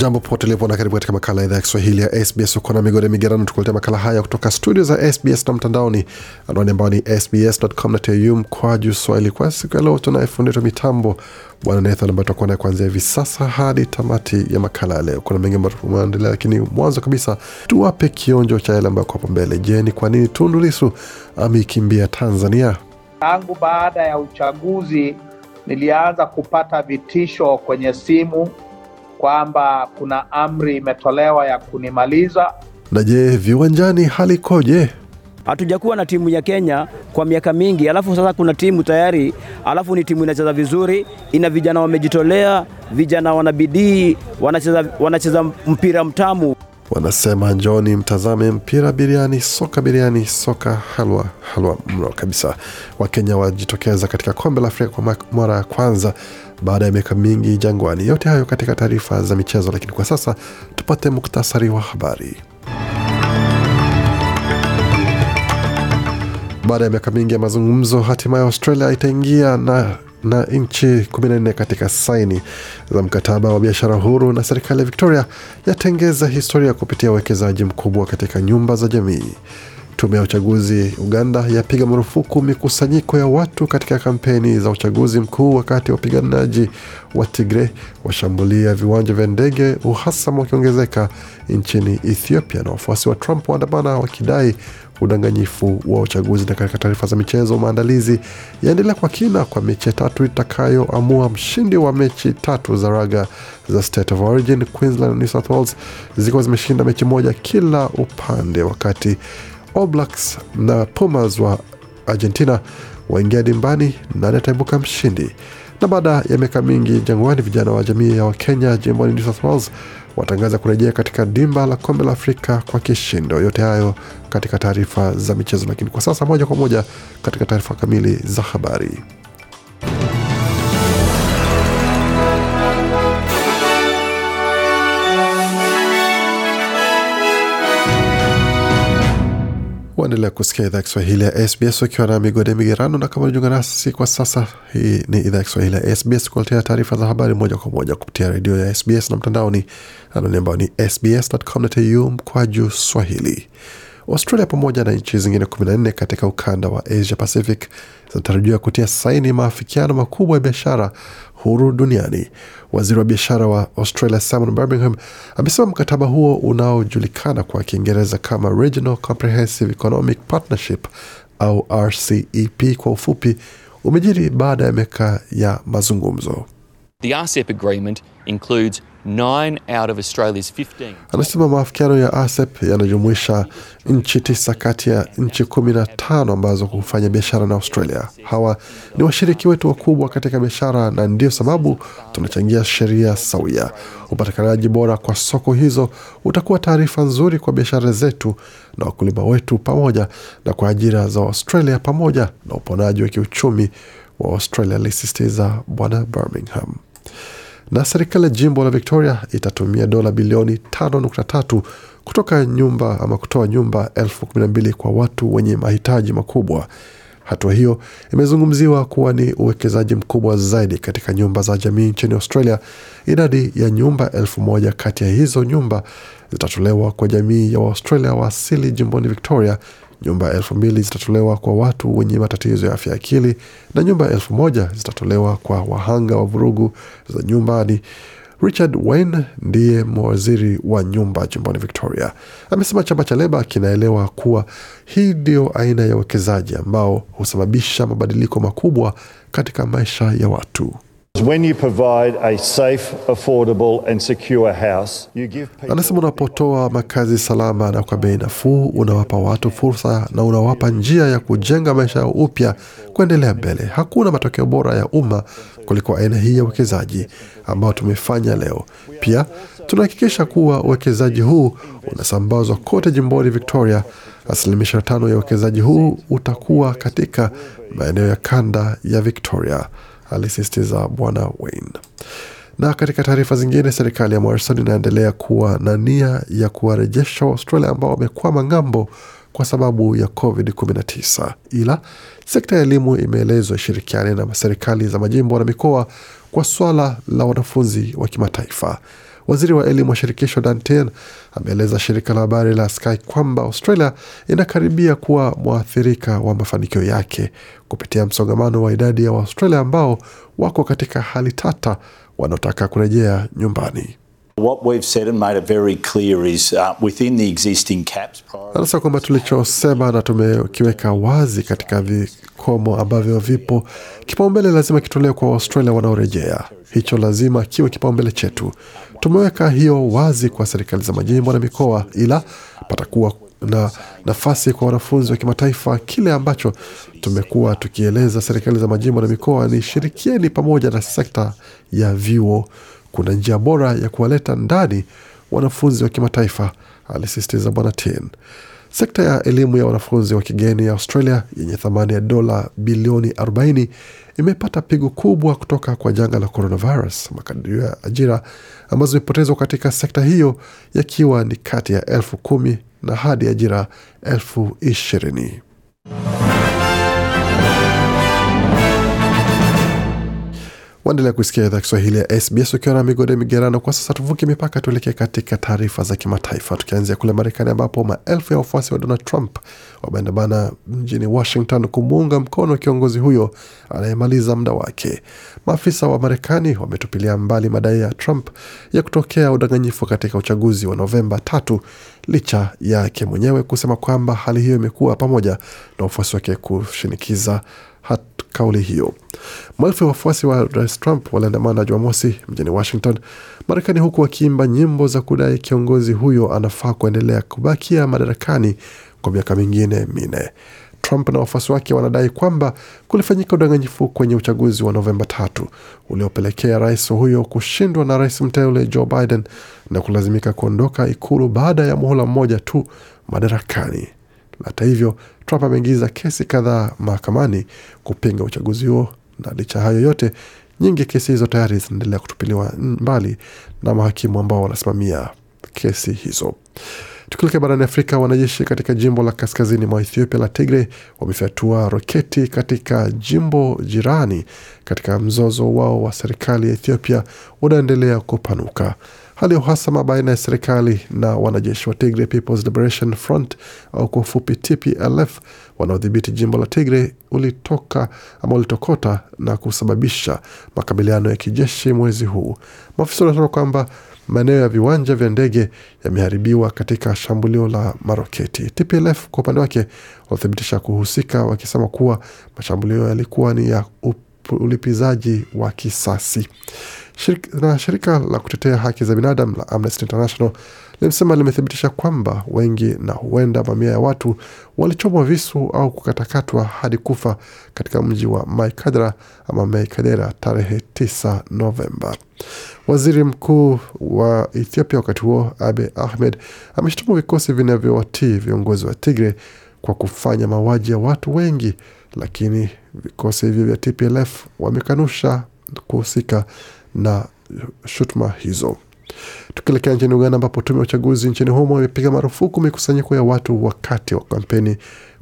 Jambo popote lipo na karibu katika makala idhaa ya Kiswahili ya SBS Uko na migode migerano, tukuletea makala haya kutoka studio za SBS na mtandaoni, anwani ambao ni sbs.com.au mkwaju swahili. Kwa siku ya leo tunaye fundi mitambo Bwana Nathan ambaye tutakuwa naye kuanzia hivi sasa hadi tamati ya makala ya leo. Kuna mengi ambayo tumeandelea, lakini mwanzo kabisa tuwape kionjo cha yale ambayo kwapo mbele. Je, ni kwa nini Tundu Lissu ameikimbia Tanzania? Tangu baada ya uchaguzi nilianza kupata vitisho kwenye simu kwamba kuna amri imetolewa ya kunimaliza. Na je, viwanjani hali koje? Hatujakuwa na timu ya Kenya kwa miaka mingi, alafu sasa kuna timu tayari, alafu ni timu inacheza vizuri, ina vijana wamejitolea, vijana wana bidii, wanacheza, wanacheza mpira mtamu. Wanasema njoni mtazame mpira biriani, soka biriani, soka halwa halwa mno kabisa. Wakenya wajitokeza katika kombe la Afrika kwa mara ya kwanza baada ya miaka mingi jangwani. Yote hayo katika taarifa za michezo, lakini kwa sasa tupate muktasari wa habari. Baada ya miaka mingi ya mazungumzo, hatimaye Australia itaingia na na nchi 14 katika saini za mkataba wa biashara huru, na serikali ya Victoria yatengeza historia kupitia uwekezaji mkubwa katika nyumba za jamii. Tume ya uchaguzi Uganda yapiga marufuku mikusanyiko ya watu katika kampeni za uchaguzi mkuu, wakati wapiganaji wa Tigre washambulia viwanja vya ndege, uhasama wakiongezeka nchini Ethiopia, na wafuasi wa Trump waandamana wakidai udanganyifu wa uchaguzi. Na katika taarifa za michezo, maandalizi yaendelea kwa kina kwa mechi ya tatu itakayoamua mshindi wa mechi tatu za raga za State of Origin. Queensland na New South Wales zikiwa zimeshinda mechi moja kila upande, wakati All na Pumas wa Argentina waingia dimbani nani ataibuka mshindi? Na baada ya miaka mingi jangwani, vijana wa jamii ya Wakenya jimboni New South Wales watangaza kurejea katika dimba la kombe la Afrika kwa kishindo. Yote hayo katika taarifa za michezo, lakini kwa sasa moja kwa moja katika taarifa kamili za habari. waendelea kusikia idhaa Kiswahili ya SBS ukiwa na migode migerano, na kama unajiunga nasi kwa sasa, hii ni idhaa Kiswahili ya SBS kuletea taarifa za habari moja kwa moja kupitia redio ya SBS na mtandaoni, anwani ambao ni sbs.com.au mkwaju swahili. Australia pamoja na nchi zingine 14 katika ukanda wa Asia Pacific zinatarajiwa kutia saini maafikiano makubwa ya biashara huru duniani. Waziri wa biashara wa Australia Simon Birmingham amesema mkataba huo unaojulikana kwa Kiingereza kama Regional Comprehensive Economic Partnership au RCEP kwa ufupi umejiri baada ya miaka ya mazungumzo. The RCEP agreement includes Anasema maafikiano ya ASEP yanajumuisha nchi tisa kati ya nchi kumi na tano ambazo hufanya biashara na Australia. Hawa ni washiriki wetu wakubwa katika biashara, na ndiyo sababu tunachangia sheria sawia. Upatikanaji bora kwa soko hizo utakuwa taarifa nzuri kwa biashara zetu na wakulima wetu, pamoja na kwa ajira za Australia, pamoja na uponaji wa kiuchumi wa Australia, alisisitiza Bwana Birmingham na serikali ya jimbo la Victoria itatumia dola bilioni 5.3 kutoka nyumba ama kutoa nyumba elfu kumi na mbili kwa watu wenye mahitaji makubwa. Hatua hiyo imezungumziwa kuwa ni uwekezaji mkubwa zaidi katika nyumba za jamii nchini Australia. Idadi ya nyumba elfu moja kati ya hizo nyumba zitatolewa kwa jamii ya Waaustralia wa asili jimboni Victoria Nyumba elfu mbili zitatolewa kwa watu wenye matatizo ya afya akili na nyumba elfu moja zitatolewa kwa wahanga wa vurugu za nyumbani. Richard Wayne ndiye mwaziri wa nyumba jumbani Victoria. Amesema chama cha Leba kinaelewa kuwa hii ndiyo aina ya uwekezaji ambao husababisha mabadiliko makubwa katika maisha ya watu. Anasema unapotoa makazi salama na kwa bei nafuu, unawapa watu fursa na unawapa njia ya kujenga maisha upya, kuendelea mbele. Hakuna matokeo bora ya umma kuliko aina hii ya uwekezaji ambao tumefanya leo. Pia tunahakikisha kuwa uwekezaji huu unasambazwa kote jimboni Victoria. Asilimia tano ya uwekezaji huu utakuwa katika maeneo ya kanda ya Victoria alisisitiza Bwana Wayne. Na katika taarifa zingine, serikali ya Morrison inaendelea kuwa na nia ya kuwarejesha Waustralia ambao wamekwama ng'ambo kwa sababu ya COVID-19, ila sekta ya elimu imeelezwa ishirikiane na serikali za majimbo na mikoa kwa swala la wanafunzi wa kimataifa. Waziri wa elimu wa shirikisho dantin ameeleza shirika la habari la Sky kwamba Australia inakaribia kuwa mwathirika wa mafanikio yake kupitia msongamano wa idadi ya Waaustralia ambao wako katika hali tata wanaotaka kurejea nyumbani. Anasema uh, kwamba tulichosema na tumekiweka wazi katika vikomo ambavyo vipo, kipaumbele lazima kitolewe kwa Waustralia wanaorejea. Hicho lazima kiwe kipaumbele chetu. Tumeweka hiyo wazi kwa serikali za majimbo na mikoa, ila patakuwa na nafasi kwa wanafunzi wa kimataifa. Kile ambacho tumekuwa tukieleza serikali za majimbo na mikoa ni shirikieni pamoja na sekta ya vyuo kuna njia bora ya kuwaleta ndani wanafunzi wa kimataifa, alisisitiza Bwana Tin. Sekta ya elimu ya wanafunzi wa kigeni ya Australia yenye thamani ya dola bilioni 40 imepata pigo kubwa kutoka kwa janga la coronavirus, makadirio ya ajira ambazo zimepotezwa katika sekta hiyo yakiwa ni kati ya elfu kumi na hadi ajira elfu ishirini. Waendelea kusikia idhaa Kiswahili ya SBS ukiwa na migode migerano. Kwa sasa tuvuke mipaka, tuelekee katika taarifa za kimataifa, tukianzia kule Marekani ambapo maelfu ya wafuasi wa Donald Trump wameandamana mjini Washington kumuunga mkono kiongozi huyo anayemaliza muda wake. Maafisa wa Marekani wametupilia mbali madai ya Trump ya kutokea udanganyifu katika uchaguzi wa Novemba tatu licha yake mwenyewe kusema kwamba hali hiyo imekuwa pamoja na wafuasi wake kushinikiza kauli hiyo. Maelfu ya wafuasi wa rais Trump waliandamana Jumamosi mjini Washington, Marekani, huku wakiimba nyimbo za kudai kiongozi huyo anafaa kuendelea kubakia madarakani kwa miaka mingine minne. Trump na wafuasi wake wanadai kwamba kulifanyika udanganyifu kwenye uchaguzi wa Novemba tatu uliopelekea rais huyo kushindwa na rais mteule Joe Biden na kulazimika kuondoka ikulu baada ya muhula mmoja tu madarakani. Hata hivyo, Trump ameingiza kesi kadhaa mahakamani kupinga uchaguzi huo, na licha hayo yote, nyingi kesi hizo tayari zinaendelea kutupiliwa mbali na mahakimu ambao wanasimamia kesi hizo. Tukilekea barani Afrika, wanajeshi katika jimbo la kaskazini mwa Ethiopia la Tigre wamefyatua roketi katika jimbo jirani katika mzozo wao wa serikali ya Ethiopia unaendelea kupanuka. Hali ya uhasama baina ya serikali na wanajeshi wa Tigray People's Liberation Front au kwa ufupi TPLF wanaodhibiti jimbo la Tigray ulitoka ama ulitokota na kusababisha makabiliano ya kijeshi mwezi huu. Maafisa wanasema kwamba maeneo ya viwanja vya ndege yameharibiwa katika shambulio la maroketi. TPLF kwa upande wake wanathibitisha kuhusika, wakisema kuwa mashambulio yalikuwa ni ya ulipizaji wa kisasi. Shirika, na shirika la kutetea haki za binadamu la Amnesty International limesema limethibitisha kwamba wengi na huenda mamia ya watu walichomwa visu au kukatakatwa hadi kufa katika mji wa Mai ama Mei tarehe 9 Novemba. Waziri mkuu wa Ethiopia wakati huo Abe Ahmed ameshutumu vikosi vinavyowatii viongozi wa Tigre kwa kufanya mauaji ya watu wengi, lakini vikosi hivyo vya TPLF wamekanusha kuhusika na shutuma hizo. Tukielekea nchini Uganda, ambapo tume ya uchaguzi nchini humo imepiga marufuku mikusanyiko ya watu wakati wa kampeni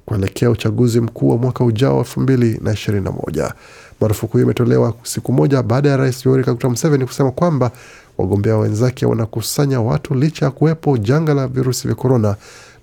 kuelekea uchaguzi mkuu wa mwaka ujao elfu mbili na ishirini na moja. Marufuku hiyo imetolewa siku moja baada ya rais Yoweri Kaguta Museveni kusema kwamba wagombea wenzake wanakusanya watu licha ya kuwepo janga la virusi vya korona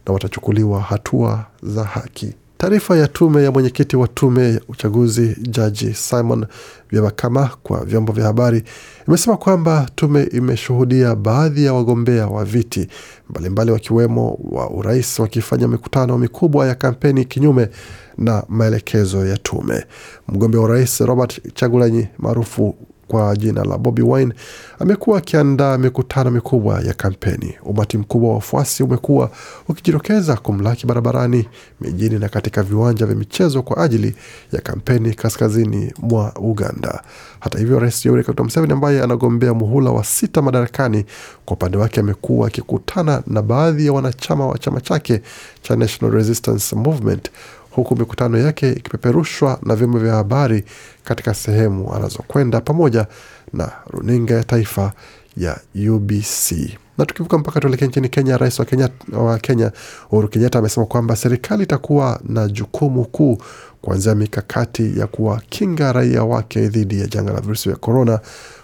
na watachukuliwa hatua za haki. Taarifa ya tume ya mwenyekiti wa tume ya uchaguzi Jaji Simon Byabakama kwa vyombo vya habari imesema kwamba tume imeshuhudia baadhi ya wagombea wa viti mbalimbali wakiwemo wa urais wakifanya mikutano mikubwa ya kampeni kinyume na maelekezo ya tume. Mgombea wa urais Robert Chagulanyi maarufu kwa jina la Bobi Wine amekuwa akiandaa mikutano mikubwa ya kampeni. Umati mkubwa wa wafuasi umekuwa ukijitokeza kumlaki barabarani, mijini na katika viwanja vya michezo kwa ajili ya kampeni kaskazini mwa Uganda. Hata hivyo, Rais Yoweri Kaguta Museveni ambaye anagombea muhula wa sita madarakani, kwa upande wake amekuwa akikutana na baadhi ya wanachama wa chama chake cha National Resistance Movement huku mikutano yake ikipeperushwa na vyombo vya habari katika sehemu anazokwenda pamoja na runinga ya taifa ya UBC. Na tukivuka mpaka tuelekee nchini Kenya, rais wa Kenya, wa Kenya Uhuru Kenyatta amesema kwamba serikali itakuwa na jukumu kuu kuanzia mikakati ya kuwakinga raia wake dhidi ya janga la virusi vya korona,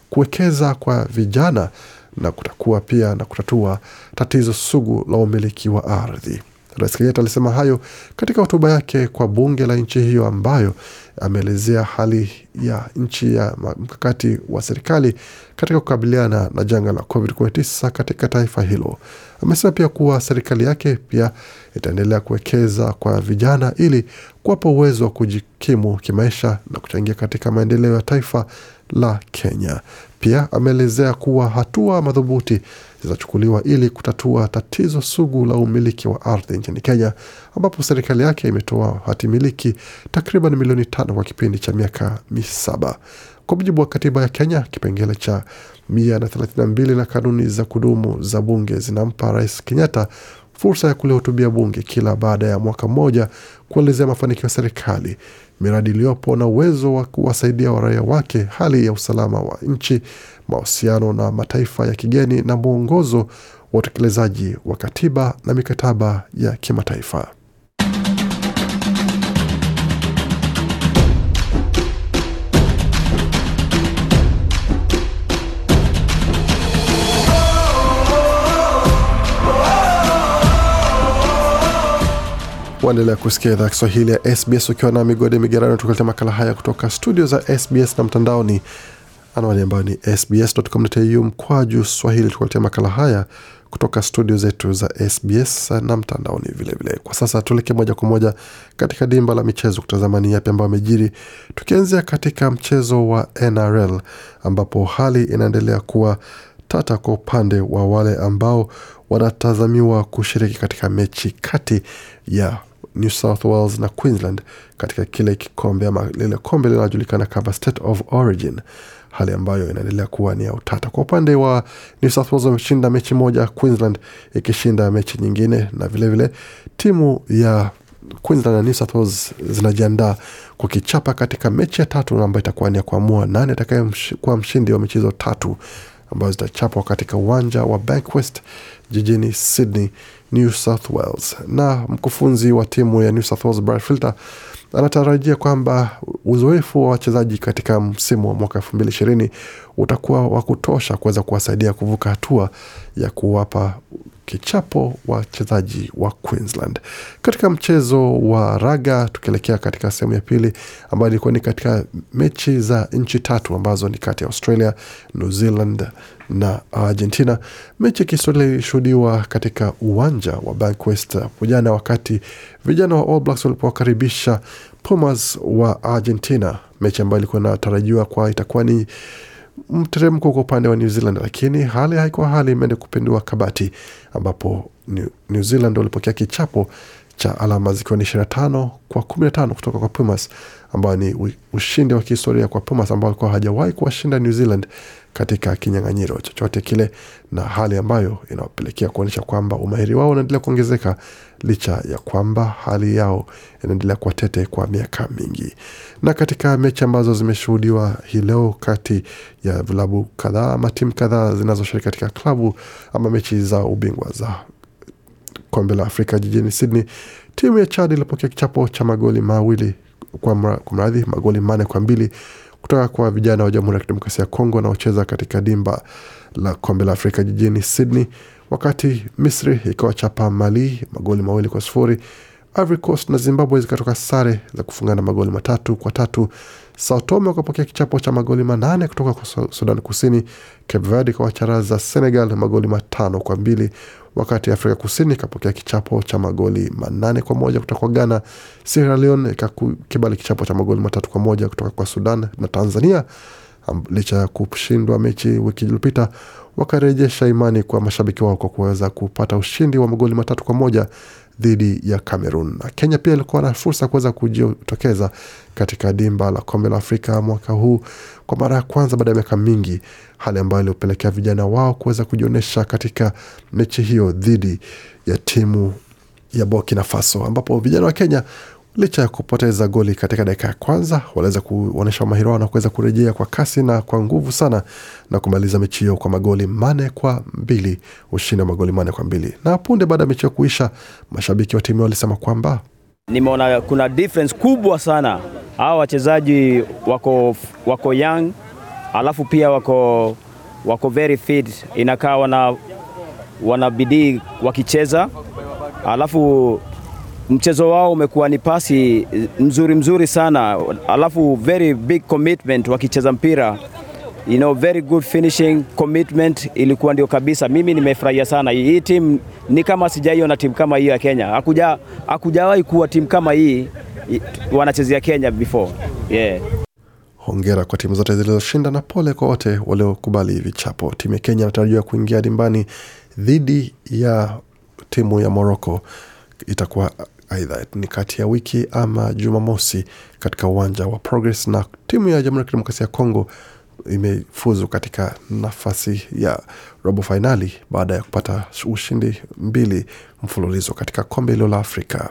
kuwekeza kwa vijana na kutakuwa pia na kutatua tatizo sugu la umiliki wa ardhi. Rais Kenyatta alisema hayo katika hotuba yake kwa bunge la nchi hiyo, ambayo ameelezea hali ya nchi ya mkakati wa serikali katika kukabiliana na janga la COVID-19 katika taifa hilo. Amesema pia kuwa serikali yake pia itaendelea kuwekeza kwa vijana ili kuwapa uwezo wa kujikimu kimaisha na kuchangia katika maendeleo ya taifa la Kenya. Pia ameelezea kuwa hatua madhubuti zinachukuliwa ili kutatua tatizo sugu la umiliki wa ardhi nchini Kenya, ambapo serikali yake imetoa hati miliki takriban milioni tano kwa kipindi cha miaka misaba. Kwa mujibu wa katiba ya Kenya, kipengele cha mia na mbili na kanuni za kudumu za bunge zinampa Rais Kenyatta fursa ya kulihutubia bunge kila baada ya mwaka mmoja kuelezea mafanikio ya serikali, miradi iliyopo na uwezo wa kuwasaidia waraia wake, hali ya usalama wa nchi, mahusiano na mataifa ya kigeni na mwongozo wa utekelezaji wa katiba na mikataba ya kimataifa. waendelea kusikia idhaa Kiswahili ya SBS ukiwa na migode migerano, tukuletea makala haya kutoka studio za SBS na mtandaoni, anwani ambayo ni sbs.com.au mkwaju swahili. Tukuletea makala haya kutoka studio zetu za SBS na mtandaoni vilevile Kwa sasa tuelekee moja kwa moja katika dimba la michezo kutazama ni yapi ambayo amejiri, tukianzia katika mchezo wa NRL ambapo hali inaendelea kuwa tata kwa upande wa wale ambao wanatazamiwa kushiriki katika mechi kati ya New South Wales na Queensland katika kile kikombe ama lile kombe linalojulikana kama State of Origin, hali ambayo inaendelea kuwa ni ya utata. Kwa upande wa New South Wales wameshinda mechi moja, Queensland ikishinda mechi nyingine, na vilevile vile, timu ya Queensland na New South Wales zinajiandaa kukichapa katika mechi ya tatu ambayo itakuwa ni ya kuamua nani atakayekuwa mshindi wa mechi hizo tatu ambazo zitachapwa katika uwanja wa Bankwest jijini Sydney New South Wales. Na mkufunzi wa timu ya New South Wales Brad Filter anatarajia kwamba uzoefu wa wachezaji katika msimu wa mwaka elfu mbili ishirini utakuwa wa kutosha kuweza kuwasaidia kuvuka hatua ya kuwapa kichapo wachezaji wa Queensland katika mchezo wa raga. Tukielekea katika sehemu ya pili ambayo ilikuwa ni katika mechi za nchi tatu ambazo ni kati ya Australia, New Zealand na Argentina. Mechi ya kihistoria ilishuhudiwa katika uwanja wa Bankwest hapo jana, wakati vijana wa All Blacks walipowakaribisha Pumas wa Argentina, mechi ambayo ilikuwa inatarajiwa kwa itakuwa ni mteremko kwa upande wa New Zealand, lakini hali haikuwa hali, imeende kupindua kabati ambapo New Zealand walipokea kichapo cha alama zikiwa ni 25 kwa 15 kutoka kwa Pumas, ambayo ni ushindi wa kihistoria kwa Pumas ambao walikuwa hajawahi kuwashinda New Zealand katika kinyang'anyiro chochote kile, na hali ambayo inawapelekea kuonyesha kwamba umahiri wao unaendelea kuongezeka licha ya kwamba hali yao inaendelea kuwa tete kwa miaka mingi. Na katika mechi ambazo zimeshuhudiwa hii leo kati ya vilabu kadhaa ama timu kadhaa zinazoshiriki katika klabu ama mechi za ubingwa za kombe la Afrika jijini Sydney, timu ya Chad ilipokea kichapo cha magoli mawili kwa mradhi, magoli manne kwa mbili kutoka kwa vijana wa Jamhuri ya Kidemokrasia ya Kongo wanaocheza katika dimba la kombe la Afrika jijini Sydney, wakati Misri ikawachapa Mali magoli mawili kwa sufuri. Ivory Coast na Zimbabwe zikatoka sare za kufungana magoli matatu kwa tatu. Sao Tome wakapokea kichapo cha magoli manane kutoka kwa Sudan Kusini. Cape Verde ikawacharaza Senegal magoli matano kwa mbili, wakati Afrika Kusini ikapokea kichapo cha magoli manane kwa moja kutoka kwa Ghana. Sierra Leone ikakibali kichapo cha magoli matatu kwa moja kutoka kwa Sudan na Tanzania Licha ya kushindwa mechi wiki iliyopita, wakarejesha imani kwa mashabiki wao kwa kuweza kupata ushindi wa magoli matatu kwa moja dhidi ya cameron Na Kenya pia ilikuwa na fursa ya kuweza kujitokeza katika dimba la kombe la Afrika mwaka huu kwa mara ya kwanza baada ya miaka mingi, hali ambayo iliopelekea vijana wao kuweza kujionyesha katika mechi hiyo dhidi ya timu ya Burkina Faso, ambapo vijana wa Kenya Licha ya kupoteza goli katika dakika ya kwanza, waliweza kuonyesha umahiri wao na kuweza kurejea kwa kasi na kwa nguvu sana na kumaliza mechi hiyo kwa magoli mane kwa mbili, ushindi wa magoli mane kwa mbili. Na punde baada ya mechi hiyo kuisha, mashabiki wa timu walisema kwamba nimeona kuna difference kubwa sana, hawa wachezaji wako, wako young alafu pia wako, wako very fit, inakaa wana, wana bidii wakicheza alafu mchezo wao umekuwa ni pasi mzuri mzuri sana, alafu very big commitment wakicheza mpira you know, very good finishing commitment ilikuwa ndio kabisa. Mimi nimefurahia sana hii timu, ni kama sijaiona timu kama hiyo ya Kenya, hakuja hakujawahi kuwa timu kama hii wanachezea Kenya before yeah. Hongera kwa timu zote zilizoshinda na pole kwa wote waliokubali vichapo. Timu ya Kenya inatarajiwa kuingia dimbani dhidi ya timu ya Morocco itakuwa aidha ni kati ya wiki ama Jumamosi katika uwanja wa Progress, na timu ya Jamhuri ya Kidemokrasia ya Kongo imefuzu katika nafasi ya robo fainali baada ya kupata ushindi mbili mfululizo katika kombe hilo la Afrika.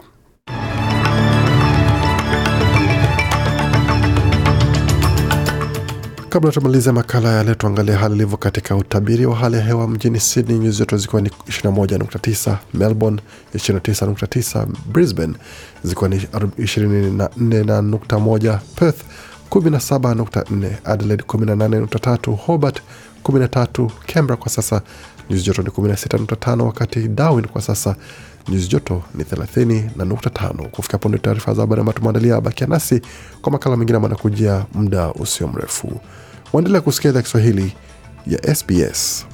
Kabla tumalize makala yale, tuangalie hali ilivyo katika utabiri wa hali ya hewa mjini Sydney, nyuzi joto zikiwa ni 21.9, Melbourne 29.9, Brisbane zikiwa ni 24.1, Perth 17.4, Adelaide 18.3, Hobart 13, Canberra kwa sasa nyuzi joto ni 16.5, wakati Darwin kwa sasa nyuzi joto ni 35. Kufika hapo ndio taarifa za habari ambayo tumeandalia. Bakia nasi kwa makala mengine ambayo anakujia muda usio mrefu. Waendelea kusikia idhaa Kiswahili ya SBS.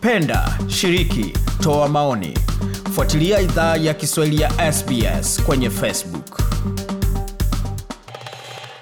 Penda, shiriki, toa maoni. Fuatilia idhaa ya Kiswahili ya SBS kwenye Facebook.